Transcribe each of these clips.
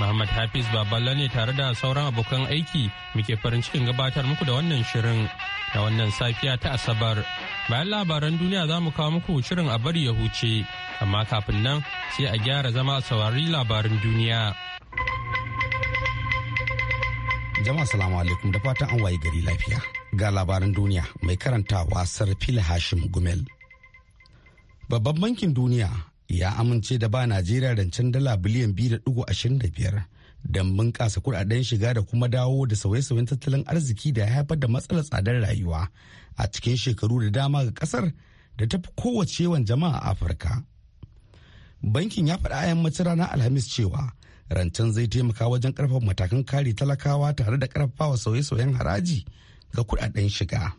Muhammad Hafiz Baballa ne tare da sauran abokan aiki muke farin cikin gabatar muku da wannan shirin da wannan safiya ta Asabar. Bayan labaran duniya za mu kawo muku shirin a bari ya huce, amma kafin nan sai a gyara zama a saurari labarin duniya. Jama'a salamu alaikum da fatan an waye gari lafiya. Ga labaran duniya mai karantawa wasar Hashim Gumel. Babban bankin duniya ya amince da ba Najeriya rancen dala biliyan biyar, don bunƙasa kuɗaɗen shiga da kuma dawo da sauye-sauyen tattalin arziki da ya haifar da matsalar tsadar rayuwa a cikin shekaru da dama ga ƙasar da ta fi kowace yawan jama'a a Afirka. Bankin ya faɗa a yammacin ranar Alhamis cewa rancen zai taimaka wajen ƙarfafa matakan kare talakawa tare da ƙarfafawa sauye-sauyen haraji ga kuɗaɗen shiga.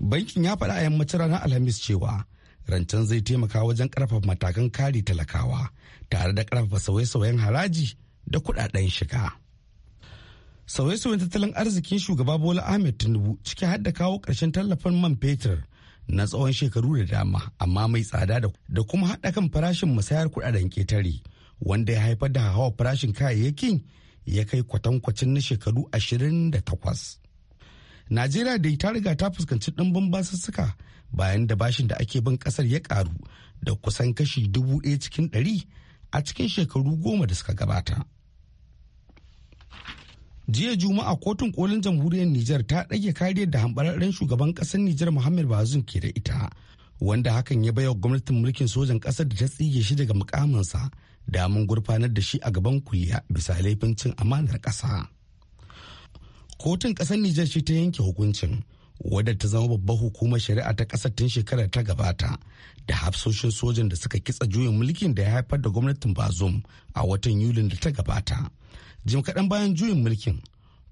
Bankin ya faɗa a yammacin ranar Alhamis cewa rancen zai taimaka wajen karfafa matakan kare talakawa tare da karfafa sauye-sauyen haraji da kudaden shiga. Sauye-sauyen tattalin arzikin shugaba Bola Ahmed Tinubu ciki har da kawo ƙarshen tallafin man fetur na tsawon shekaru da dama amma mai tsada da kuma haɗa kan farashin musayar kudaden ƙetare wanda ya haifar da hawa farashin kayayyakin ya kai kwatankwacin na shekaru ashirin da takwas. najeriya dai ta riga ta fuskanci ɗimbin basussuka bayan da bashin da ake bin ƙasar ya ƙaru da kusan kashi dubu ɗaya cikin ɗari a cikin shekaru goma da suka gabata jiya juma'a kotun kolin jamhuriyar nijar ta ɗage kariyar da hambararren shugaban ƙasar nijar muhammad bazoum ke da ita wanda hakan ya baiwa gwamnatin mulkin sojan ƙasar da ta tsige shi daga mukaminsa damun gurfanar da shi a gaban kuliya bisa laifin cin amanar ƙasa kotun ƙasar Nijar ce ta yanke hukuncin wadda ta zama babbar hukumar shari'a ta ƙasar tun shekarar ta gabata da hafsoshin sojan da suka kitsa juyin mulkin da ya haifar da gwamnatin bazum a watan yulin da ta gabata jim kaɗan bayan juyin mulkin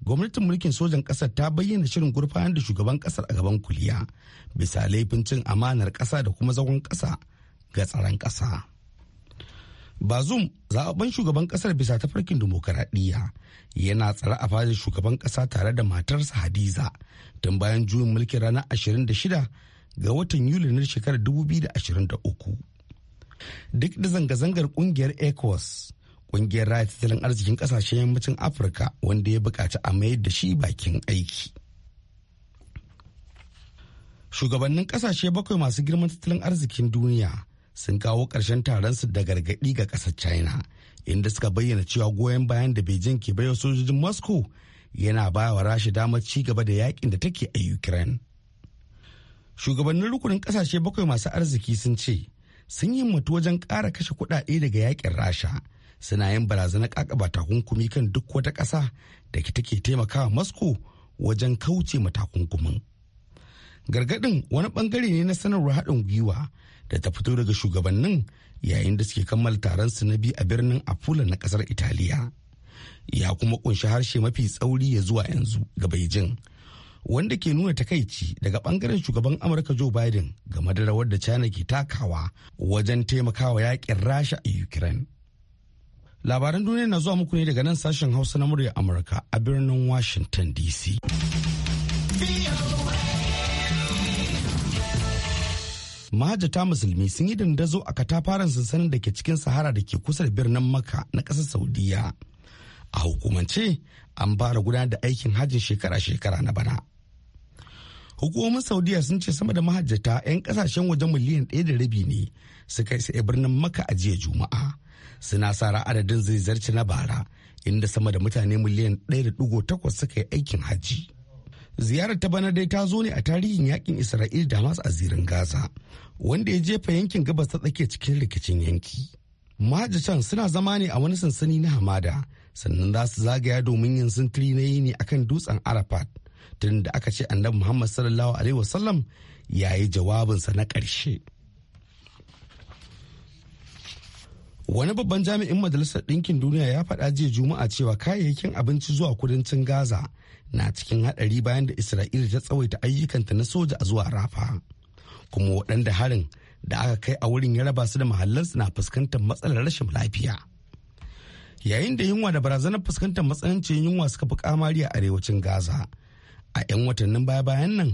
gwamnatin mulkin sojan ƙasar ta bayyana shirin gurfanar da shugaban ƙasar a gaban kuliya bisa laifin cin amanar ƙasa da kuma zagon ƙasa ga tsaron ƙasa. bazum zaɓaɓɓen shugaban ƙasar bisa ta farkin dimokuraɗiyya yana tsare a fadar shugaban ƙasa tare da matarsa hadiza tun bayan juyin mulkin ranar 26 ga watan yuli na shekarar 2023 duk da zanga-zangar ƙungiyar ecowas ƙungiyar raya tattalin arzikin ƙasashen yammacin afirka wanda ya buƙaci a mayar da shi bakin aiki shugabannin ƙasashe bakwai masu girman tattalin arzikin duniya sun kawo ƙarshen su da gargaɗi ga ƙasar china inda suka bayyana cewa goyon bayan da beijing ke baiwa sojojin moscow yana ba wa rasha damar ci gaba da yakin da take a ukraine shugabannin rukunin ƙasashe bakwai masu arziki sun ce sun yi mutu wajen ƙara kashe kuɗaɗe daga yakin rasha suna yin barazanar ƙaƙaba takunkumi kan duk wata ƙasa da take taimakawa moscow wajen kauce ma takunkumin gargaɗin wani ɓangare ne na sanarwar haɗin gwiwa da ta fito daga shugabannin yayin da suke kammala taron su na biyu a birnin Apula na kasar Italiya. Ya kuma kunshi harshe mafi tsauri ya zuwa yanzu ga Beijing. Wanda ke nuna takaici daga bangaren shugaban Amurka Joe Biden game da rawar da China ke takawa wajen taimakawa yakin Rasha a Ukraine. Labaran duniya na zuwa muku ne daga nan sashen Hausa na murya Amurka a birnin Washington DC. mahajjata musulmi sun yi dandazo a katafaren sansanin da ke cikin sahara da ke kusa da birnin makka na ƙasar saudiya a hukumance an fara gudanar da aikin hajjin shekara-shekara na bana hukumomin saudiya sun ce sama da mahajjata 'yan kasashen wajen miliyan ɗaya da rabi ne suka isa birnin maka a jiya juma'a suna sa adadin zai zarce na bara inda sama da mutane miliyan ɗaya da ɗigo takwas suka yi aikin hajji ziyarar ta bana dai ta zo ne a tarihin yakin isra'ila da hamas a zirin gaza wanda ya jefa yankin gabas ta tsakiya cikin rikicin yanki majitan suna zama ne a wani sansani na hamada sannan za su zagaya domin yin sintiri na yini akan dutsen arafat tun da aka ce annabi muhammad sallallahu alaihi wasallam ya yi jawabinsa na ƙarshe wani babban jami'in majalisar ɗinkin duniya ya faɗa jiya juma'a cewa kayayyakin abinci zuwa kudancin gaza na cikin haɗari bayan da isra'ila ta tsawaita ayyukanta na soja a zuwa rafa kuma waɗanda harin da aka kai a wurin ya raba su da mahallansu na fuskantar matsalar rashin lafiya yayin da yunwa da barazanar fuskantar matsanancin yunwa suka fi kamari a arewacin gaza a 'yan watannin baya-bayan nan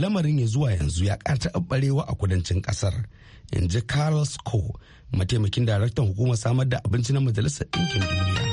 lamarin ya zuwa yanzu ya ƙara taɓarewa a kudancin ƙasar in ji carlos co mataimakin daraktan hukumar samar da abinci na majalisar ɗinkin duniya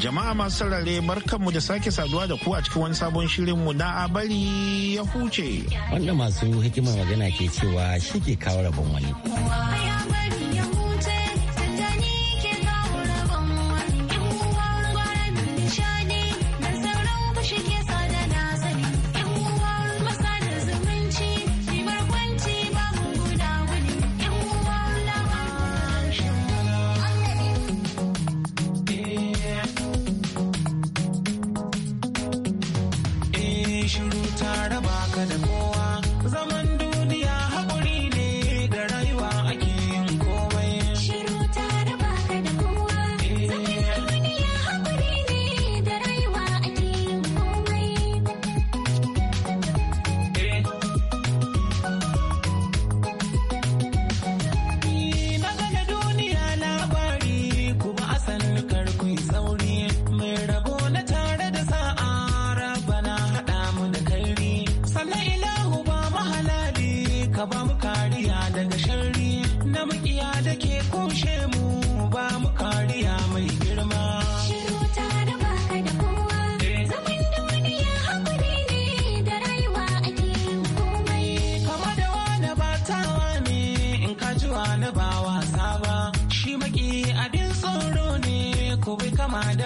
Jama'a masu sarare mu da sake saduwa da ku a cikin wani sabon shirin mu na bari ya huce. Wanda masu hikimar magana ke cewa shi ke kawo rabon wani.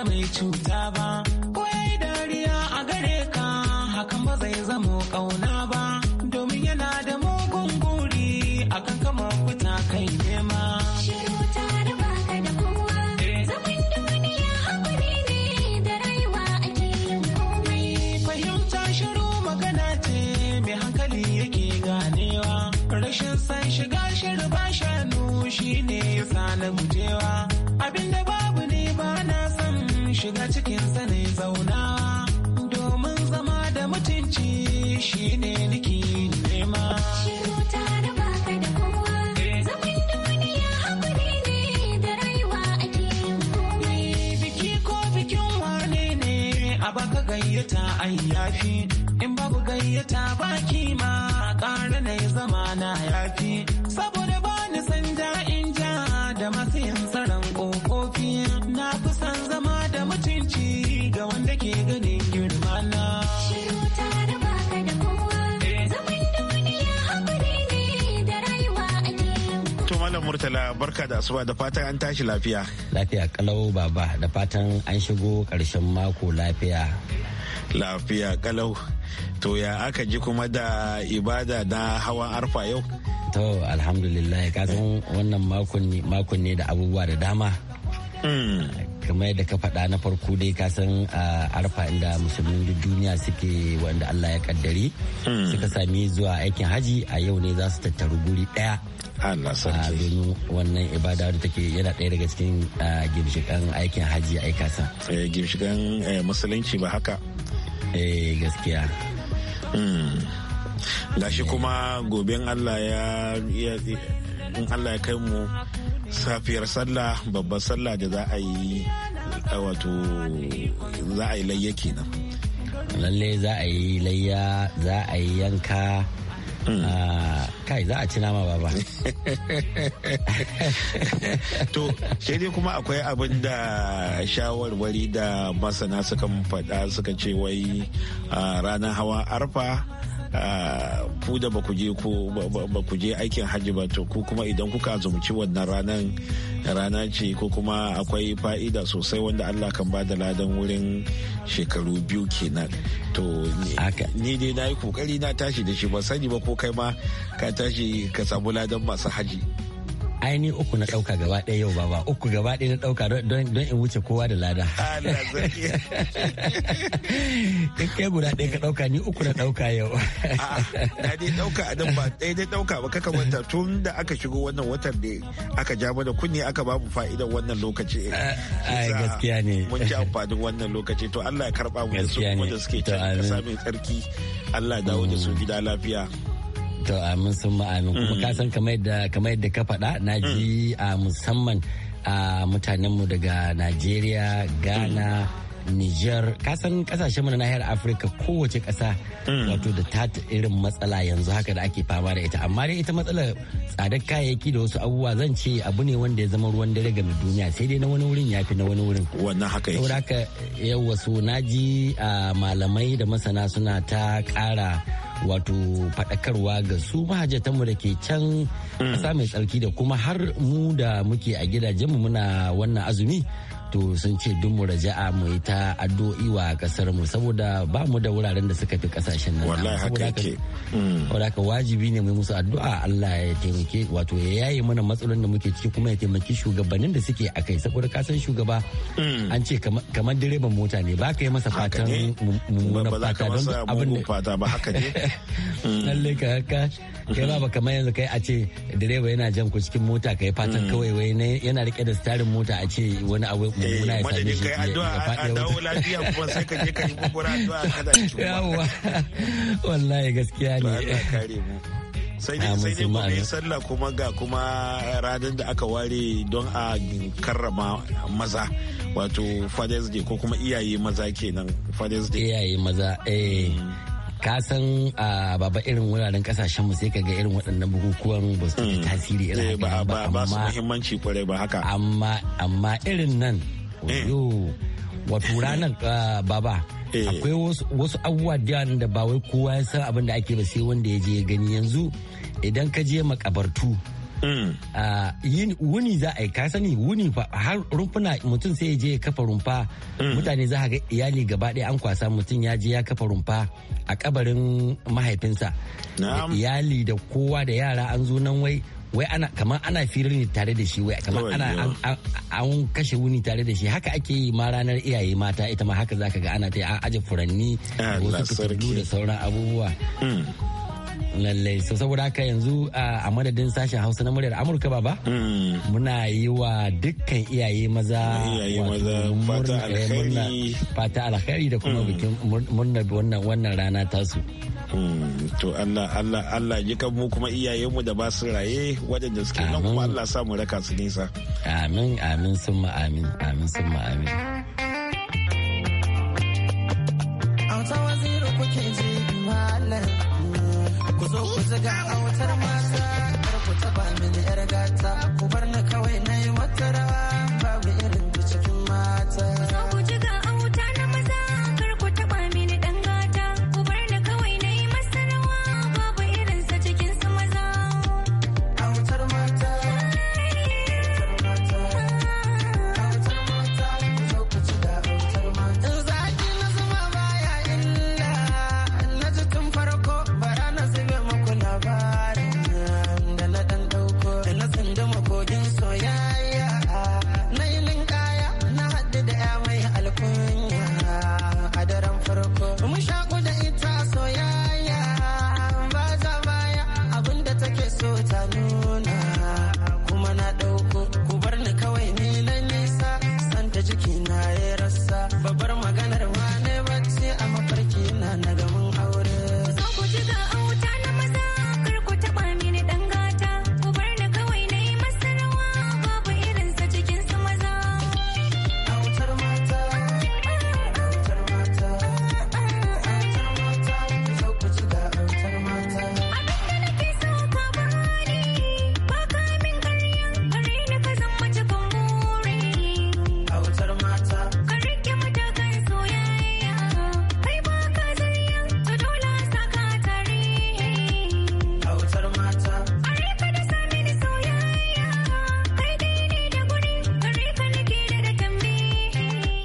mai cuta ba an yafi in babu gayyata baki ma ƙara na zama na yafi saboda ba ni san in ja da masu yin tsaron ƙofofi na fi san zama da mutunci ga wanda ke ganin girma na. Eh. Malam Murtala barka da asuba da fatan an tashi lafiya. Lafiya kalau baba da fatan an shigo ƙarshen mako lafiya. lafiya kalau to ya aka ji kuma da ibada na hawan arfa yau to alhamdulillah ka san wannan makon ne da abubuwa da dama hmm. kamar yadda ka faɗa na farko dai ka san arfa inda musulmin duniya suke wanda Allah ya kaddari hmm. suka sami zuwa aikin haji a yau ne za su tattaru guri ɗaya domin wannan ibada da take yana ɗaya daga cikin gimshikan aikin haji a eh, gimshikan eh, musulunci ba haka eh gaskiya hmm. gashi eh. kuma gobe allah ya in allah ya kai mu safiyar sallah babbar sallah da za a yi wato za a yi layya kenan lalle za a yi layya za a yi yanka Mm. Ah, kai za a ci nama ba ba. to sai dai kuma akwai abin da shawarwari da masana sukan faɗa suka ce wai ah, ranar hawa arfa ku da ba ku je ku ba ku je aikin hajji ba to ku kuma idan kuka azumci wannan ranan rana ce ko kuma akwai fa'ida sosai wanda Allah kan ba da ladan wurin shekaru biyu kenan to ni dai na yi kokari na tashi da shi ba sani ba ko kai ma ka tashi ka samu ladan masu Hajji. aini uku na ɗauka gaba ɗaya yau baba uku gaba ɗaya na ɗauka don in wuce kowa da lada in kai guda ɗaya ka ɗauka ni uku na ɗauka yau na dai ɗauka a nan ba ɗaya dai ɗauka ba kaka wanta tun da aka shigo wannan watan ne aka ja mana kunni aka ba mu fa'idan wannan lokaci ai gaskiya ne mun ji amfanin wannan lokaci to Allah ya karba mu da su wanda suke can tsarki Allah dawo da su mm. gida lafiya to amin sun ma'amin kuma mm-hmm. ka san kamar yadda ka faɗa na ji mm. a musamman mutanenmu daga najeriya ghana mm. Niger kasan kasashen mu na nahiyar Afirka kowace kasa mm. wato da ta irin matsala yanzu haka da ake fama da ita amma dai ita matsalar tsadar kayayyaki da wasu abubuwa zan ce abu ne wanda ya zama ruwan dare ga duniya sai dai na wani wurin ya fi na wani wurin wannan haka yake saboda haka yau wasu naji malamai da masana suna ta kara wato faɗakarwa ga su mahajjatanmu da ke can mm. ƙasa mai tsarki da kuma har mu da muke a gidajenmu muna wannan azumi to sun ce duk mu mu yi ta addu'o'i wa kasar mu saboda ba mu da wuraren da suka fi kasashen nan wallahi haka yake mm. saboda ka wajibi ne mu yi musu addu'a Allah ya taimake wato ya yaye mana matsalolin da muke ciki kuma ya taimaki shugabannin da suke a kai saboda ka san shugaba mm. an ce kamar direban mota ne ba ka yi masa fatan mummuna fata don abin da fata ba haka ne mm. lalle ka haka kai ba kamar yanzu kai a ce direba yana jan ku cikin mota kai fatan kawai wai yana rike da starin mota a ce wani abu mummuna eh, ya same shi addu'a a dawo lafiya kuma sai ka je ka yi kokora addu'a ka da yawa wallahi gaskiya ne sai dai sai dai kuma sallah kuma ga kuma ranar da aka ware don a karrama maza wato fathers day ko kuma iyaye maza kenan fathers day iyaye maza eh mm. ka san baba irin wuraren kasashen mu sai ka ga irin waɗannan bukukuwan ba su hmm. tasiri irin eh, haka ba ba su muhimmanci kwarai ba haka amma amma irin nan eh. yo wato ranar baba eh. akwai wasu abubuwa da da ba wai kowa ya san abin da ake ba sai wanda ya je gani yanzu idan ka je makabartu Mm. wuni za a yi ka sani wuni fa har rumfuna mutum sai ya je ya kafa rumfa mm. mutane za a ga iyali gaba ɗaya an kwasa mutum ya je ya kafa rumfa a kabarin mahaifinsa iyali da kowa da yara an zo nan wai wai ana kamar ana firin ne tare da shi wai kamar ana an kashe wuni tare da shi haka ake yi ma ranar iyaye mata ita ma haka zaka ga ana ta aje furanni da wasu da sauran abubuwa mm. lallai so saboda haka yanzu a madadin sashen hausa na muryar amurka baba mm. muna yi wa dukkan iyaye maza eh, fata alkhairi da kuma mm. bikin murna wannan rana tasu mm. to Allah Allah Allah jikan mu kuma iyayenmu da ba su raye da suke nan kuma Allah sa mu raka su nisa amin amin summa amin amin summa amin Yeah.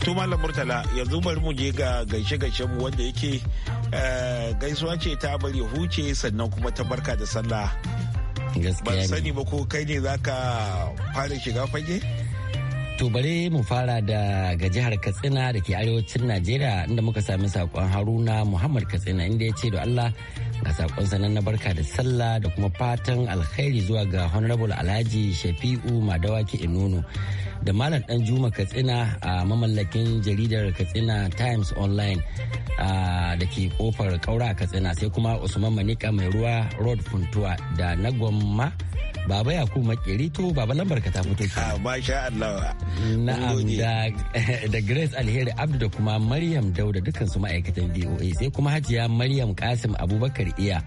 to malam murtala yanzu bari mu je ga gaishe gaishe mu wanda yake eh, gaisuwa ce ta bari huce sannan kuma ta barka da sallah ban sani ba ko kai ne za ka fara shiga fage To bare mu fara da ga jihar Katsina da ke arewacin Najeriya inda muka sami sakon Haruna Muhammad Katsina inda ya ce da Allah ga sakon sanan na barka da sallah da kuma fatan alkhairi zuwa ga honorable alhaji shafi'u madawaki inono da malam dan juma katsina a mamallakin jaridar katsina times online da ke kofar kaura katsina sai kuma usman manika mai ruwa road puntua da na gwamma Baba Yakubu Makeri to baba lambar ka ta fito ah, masha Allah. Na'am da Grace Alheri Abdu da kuma Maryam Dauda dukkan su ma'aikatan VOA sai kuma Hajiya Maryam Kasim Abubakar Iya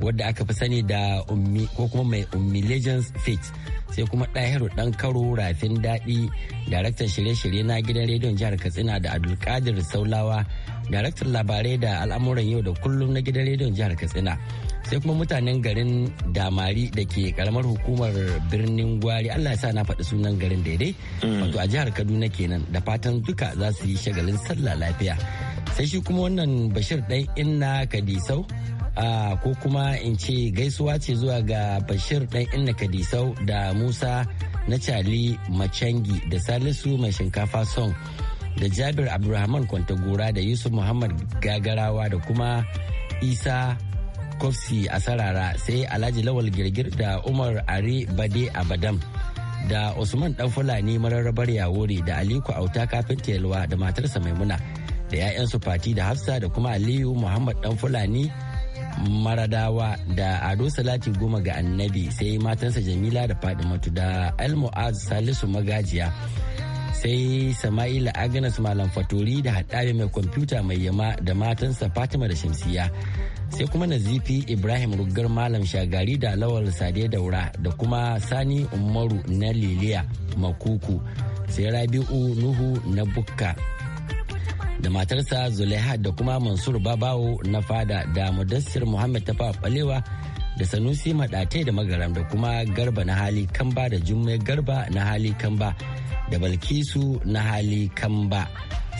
wadda aka fi sani da ummi ko kuma mai ummi legends faith sai kuma ɗahiru ɗan karo rafin daɗi daraktan shirye-shirye na gidan rediyon jihar katsina da abdulkadir saulawa daraktan labarai da al'amuran yau da kullum na gidan rediyon jihar katsina sai kuma mutanen garin damari da ke karamar hukumar birnin gwari allah ya sa na faɗi sunan garin daidai mm. wato a jihar kaduna kenan da fatan duka za su yi shagalin sallah lafiya sai shi kuma wannan bashir ɗan inna kadisau ko kuma in ce gaisuwa ce zuwa ga bashir ɗan inna kadisau da musa na cali macangi da salisu mai shinkafa song da jabir abdulrahman kwantagora da yusuf muhammad gagarawa da kuma isa kofsi a sarara sai alhaji lawal girgir da umar ari bade abadam da usman dan fulani mararrabar yawuri da aliko auta kafin yalwa da matarsa maimuna da 'ya'yansu fati da hafsa da kuma aliyu muhammad dan fulani maradawa da ado salati goma ga annabi sai matansa jamila da fadimatu da almu'az salisu magajiya sai sama'ila agnes malam faturi da haɗari mai kwamfuta mai yama da matansa fatima da shamsiya sai kuma nazifi ibrahim rugar malam shagari da lawal sade daura da kuma sani umaru na liliya makuku sai rabi'u nuhu na bukka da matarsa zulaiha da kuma mansur babawo na fada da mudassir muhammad ta balewa da sanusi maɗatai da magaram da kuma garba na hali kamba da jummai garba na hali kamba da Balkisu na hali Kamba.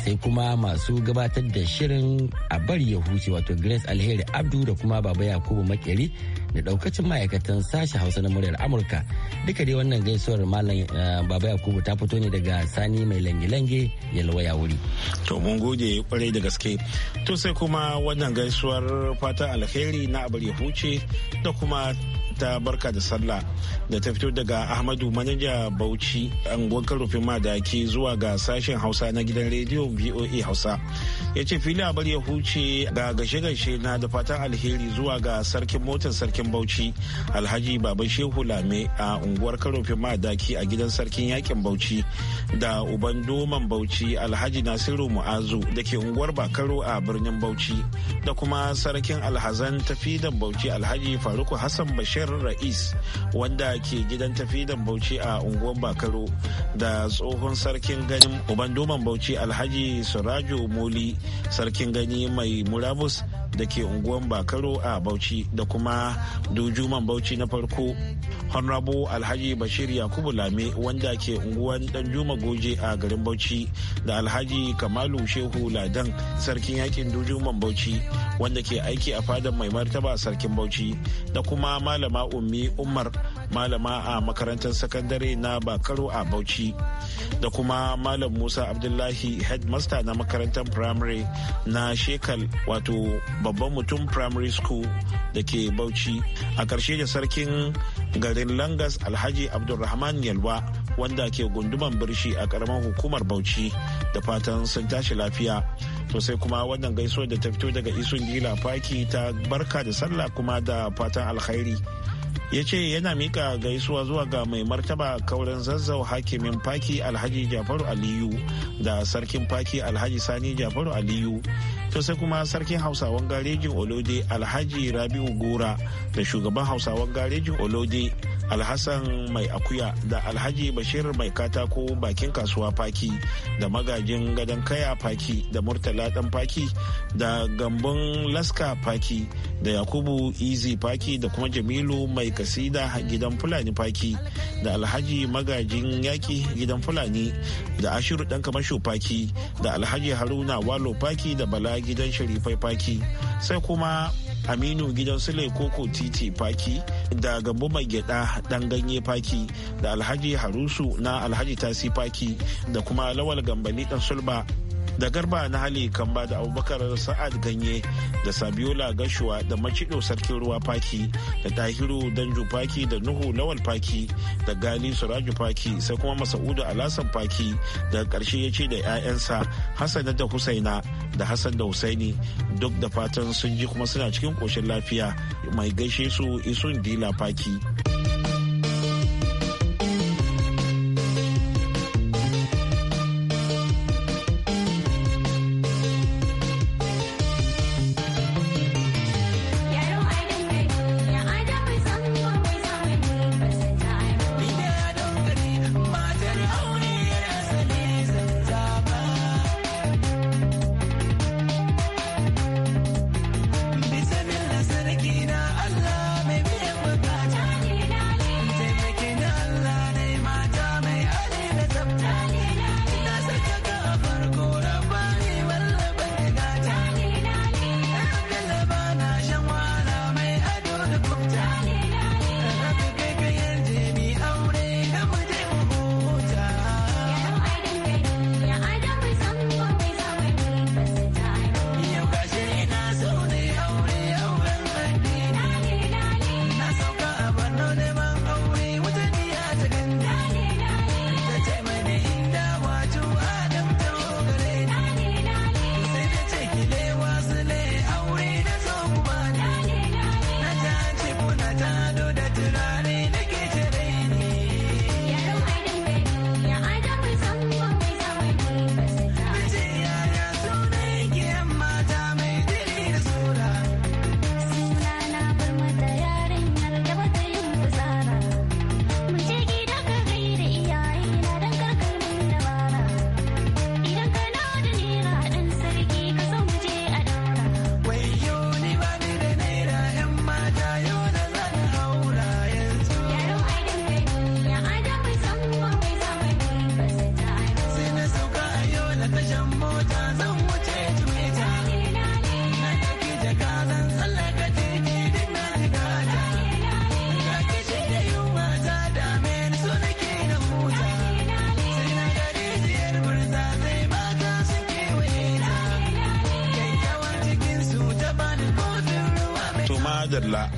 Sai kuma masu gabatar da shirin a bari ya huce wato Grace Alheri Abdu da kuma Baba Yakubu Makeri da daukacin ma'aikatan sashi Hausa na muryar Amurka. Duka dai wannan gaisuwar Malam eh, Baba Yakubu ta fito ne daga Sani mai lange-lange ya wuri. To mun gode kwarai da gaske. To sai kuma wannan gaisuwar fata alheri na abar ya huce da kuma ta barka da sallah da ta fito daga ahmadu manaja bauchi anguwar karufin madaki zuwa ga sashen hausa na gidan rediyo voa hausa ya ce fili a bar ya huce ga gashe-gashe na da fatan alheri zuwa ga sarkin motar sarkin bauchi alhaji baba shehu lame a unguwar karofin madaki a gidan sarkin yakin bauchi da uban doman bauchi alhaji nasiru mu'azu da ke unguwar bakaro a birnin bauchi da kuma sarkin alhazan tafidan bauchi alhaji faruku hassan bashir bakar ra'is wanda ke gidan tafi da bauchi a unguwar bakaro da tsohon sarkin ganin uban doman bauchi alhaji surajo moli sarkin gani mai murabus da ke unguwan bakaro a bauchi da kuma dujuman bauchi na farko honrabu alhaji bashir yakubu lame wanda ke unguwan danjuma goje a garin bauchi da alhaji kamalu shehu ladan sarkin yakin dujuman bauchi wanda ke aiki a fadar mai martaba sarkin bauchi da kuma malama ummi umar malama a makarantar sakandare na bakaro a bauchi da kuma malam musa abdullahi headmaster na makarantar primary na shekal wato babban mutum primary school da ke bauchi a karshe da sarkin garin langas alhaji abdulrahman yalwa wanda ke gunduman birshi a karamar hukumar bauchi da fatan sun tashi lafiya to sai kuma wannan gaisuwar da ta fito daga isun dila faki ta barka da sallah kuma da fatan alkhairi ya ce yana mika gaisuwa zuwa ga mai martaba kauren zazzau hakimin faki alhaji jafaru aliyu da sarkin faki alhaji sani jafaru aliyu to sai kuma sarkin hausawan garejin olode alhaji rabi'u gora da shugaban hausawan garejin olode alhassan mai akuya da alhaji bashir mai katako bakin kasuwa faki da magajin gadon kaya faki da murtala dan faki da gambun laska faki da yakubu izi faki da kuma jamilu mai kasida gidan fulani faki da alhaji magajin yaki gidan fulani da ashiru dan kamasho faki da alhaji haruna walo faki da bala gidan sharifai faki sai kuma aminu gidan sule koko titi faki da gambo mai gyada dan ganye faki da alhaji harusu na alhaji tasi faki da kuma lawal gambani dan sulba da garba na hali kan ba da abubakar sa'ad ganye da sabiola gashuwa da macido sarkin ruwa faki da tahiru danju faki da nuhu lawal paki da gali suraju faki sai kuma masa'udu alasan paki da karshe ya ce da 'ya'yansa hassana da husaina da hassan da husaini duk da fatan sun ji kuma suna cikin koshin lafiya mai gaishe su isun dila paki.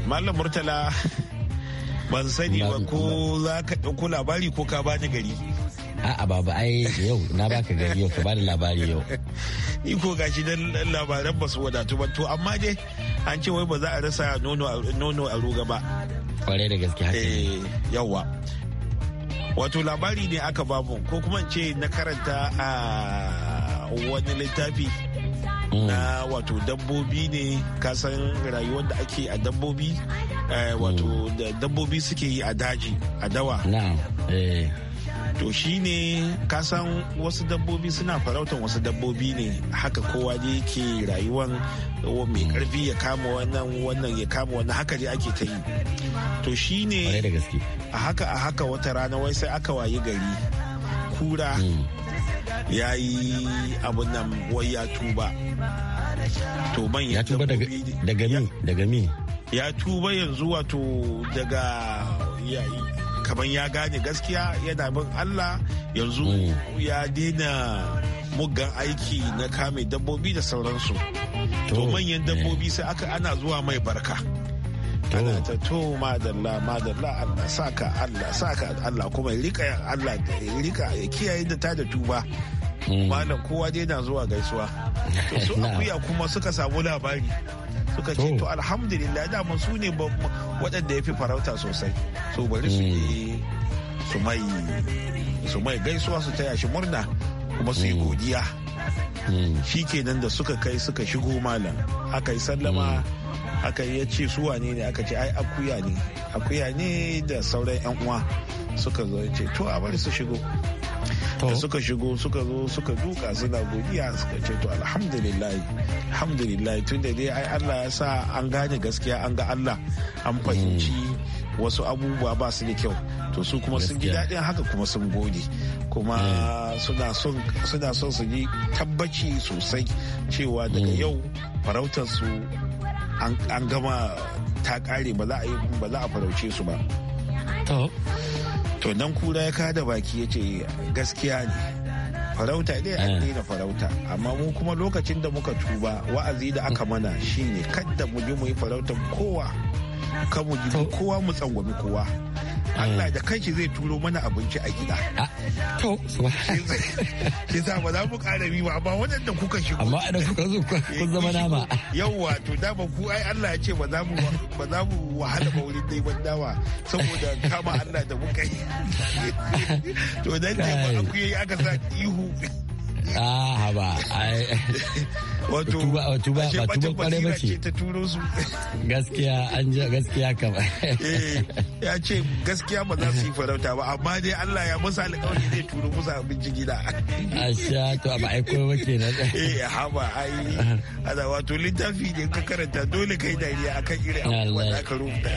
Malam Murtala ban sani ba ko za ka ɗauko labari ko ka bani gari. A'a baba ai yau na baka gari yau ka bani labari yau. Ni ko gashi dan labaran ba su wadatu ba to amma dai an ce wai ba za a rasa nono a ruga ba. Kwarai da gaske haka. Eh yawa. Wato labari ne aka bamu ko kuma ce na karanta a wani littafi. na wato dabbobi ne kasan rayuwar da ake a dabbobi eh, wato mm. dabbobi suke yi a daji a dawa eh. to shi ne kasan wasu dabbobi suna farautan wasu dabbobi ne haka kowa ne yake rayuwan mai karfi mm. ya kama wannan wannan ya kama wannan haka dai ake ta yi to shi ne a haka a haka wata rana wai sai aka waye gari kura mm. ya yi abin nan wai ya tuba to ya tuba daga mi daga mi ya tuba yanzu wato daga yayi kamar ya gane gaskiya yana bin Allah yanzu mm. ya daina muggan aiki na kame dabbobi da sauransu to manyan dabbobi eh. sai aka ana zuwa mai barka ana ta to madalla madalla Allah saka Allah saka Allah kuma rika Allah rika kiyaye da ta da tuba Mm. malam kowa dai na zuwa gaisuwa su akuya kuma suka samu labari suka ce to alhamdulillah dama su ne waɗanda ya fi farauta sosai so bari su mm. yi su mai gaisuwa su taya shi murna kuma su yi mm. godiya shi kenan da suka kai suka shigo malam aka yi sallama aka yi ce su wane ne aka ce ai akuya ne akuya ne da sauran yan uwa suka zo ce to a bari su shigo da suka shigo suka zo suka duka suna godiya suka ce to alhamdulillah alhamdulillah tun da dai ai Allah ya sa an gane gaskiya an ga Allah an fahimci mm. wasu abubuwa ba su da kyau to su kuma sun ji daɗin haka kuma sun gode kuma mm. suna son su ji tabbaci sosai cewa daga mm. yau farautar su an gama ta ƙare ba za a farauce su ba. to dan kura ya kada baki ya ce gaskiya ne farauta dai an eh. daina farauta amma mu kuma lokacin da muka tuba wa'azi da aka mana shine kadda mu je mu yi farautar kowa kan mu kowa mu tsangwami kowa Allah eh. da kanshi zai turo mana abinci a gida. Ah, to, ke sa ba za mu ƙara bi ba, amma waɗanda kuka shigo. Amma da kuka zo kun zama nama. Yawwa, to dama ku ai Allah ya ce ba za mu wahala ba wurin dai ban dawa saboda kama Allah da muka yi. To dan dai ba yi aka sa ihu. Ah, ba. wato tuba wato ba ba kware ba ce ta turo su gaskiya an ja gaskiya kam eh ya ce gaskiya ba za su yi farauta ba amma dai Allah ya musa alƙawari zai turo musu abinci gida a sha to ba ai kowa nan. eh ha ba ai ada wato littafi ne ka karanta dole kai dariya akan irin abubuwan da ka rubuta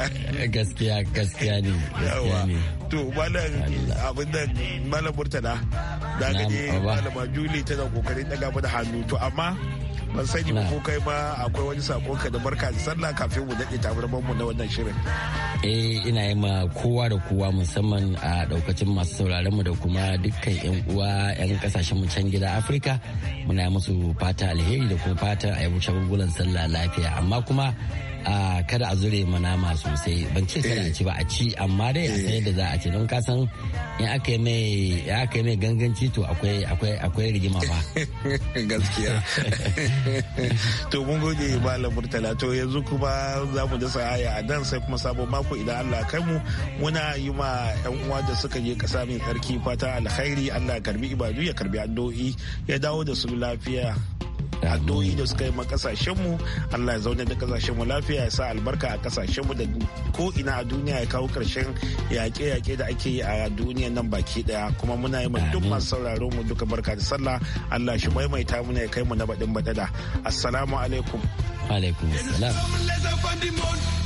gaskiya gaskiya ne gaskiya ne to malam abin da malam murtala da ga ne malama Julie tana kokarin daga mana hannu to amma ban sani ko kai ba akwai wani sako ka da barka da sallah kafin mu daɗe tabarman mu na wannan shirin eh ina yi ma kowa da kowa musamman a daukacin masu sauraron mu da kuma dukkan yan uwa yan kasashen mu can gida afirka muna yi musu fata alheri da kuma fata a yi wuce sallah lafiya amma kuma kada a zure ma nama sosai ban ce kada a eh. ci ba a ci amma dai a sai da za a ci don ka san in aka yi mai ganganci to akwai rigima ba gaskiya to mun gode ba murtala to yanzu kuma za mu dasa aya a dan sai kuma sabon mako idan Allah kai mu muna yi ma yan uwa da suka je kasa mai tsarki fata alkhairi Allah karbi ibadu ya karbi addu'o'i ya dawo da su lafiya da addu'o'i da suka yi ma kasashen mu Allah ya zauna da kasashen mu lafiya ya sa albarka a kasashen mu da ko ina a duniya ya kawo karshen yaƙe-yaƙe da ake yi a duniya nan baki daya kuma muna yi ma duk masu sauraro mu duka barka da sallah Allah shi maimaita muna ya kai mu na badin badada assalamu alaikum alaikum salam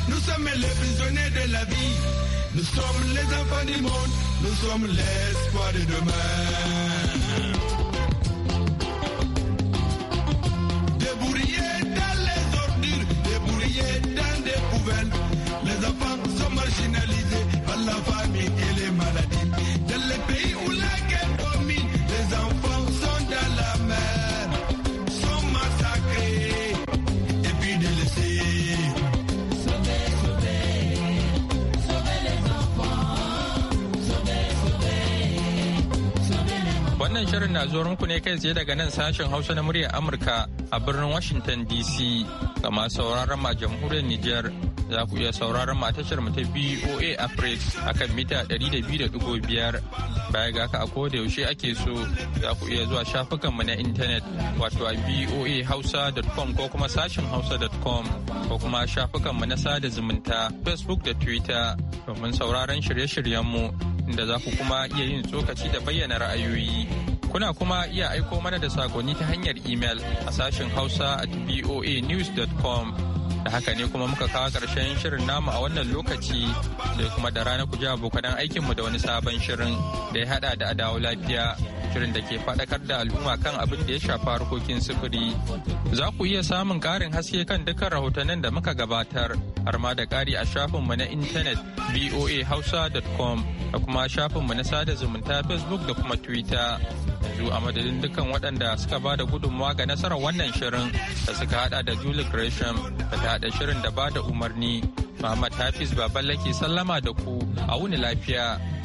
Nous sommes les prisonniers de la vie. Nous sommes les enfants du monde. Nous sommes l'espoir de demain. Wannan shirin na zuwa muku ne kai tsaye daga nan sashen Hausa na muryar Amurka a birnin Washington DC. Kama sauraron ma jamhuriyar Nijar za ku iya sauraron ma tashar mu ta BOA Africa akan mita 200.5. Baya ga haka a koda yaushe ake so za ku iya zuwa shafukan mu na intanet wato a hausa.com ko kuma sashen hausa.com ko kuma shafukan mu na sada zumunta Facebook da Twitter domin sauraron shirye-shiryen mu inda za ku kuma iya yin tsokaci da bayyana ra'ayoyi. Kuna kuma iya aiko mana da sakonni ta hanyar imel a sashen hausa at voanews.com. da haka ne kuma muka kawo ƙarshen shirin namu a wannan lokaci sai kuma da rana ku ji abokan aikinmu da wani sabon shirin da ya hada da adawo lafiya shirin da ke faɗakar da al'umma kan abin da ya shafa harkokin sufuri za ku iya samun ƙarin haske kan dukkan rahotannin da muka gabatar har ma da ƙari a shafinmu na intanet voahausa.com da kuma shafinmu na sada zumunta facebook da kuma twitter yanzu a madadin dukkan waɗanda suka ba da gudunmawa ga nasarar wannan shirin da suka hada da julie gresham da ta da shirin da ba da umarni Muhammad Hafiz Baballa ke sallama da ku a wuni lafiya.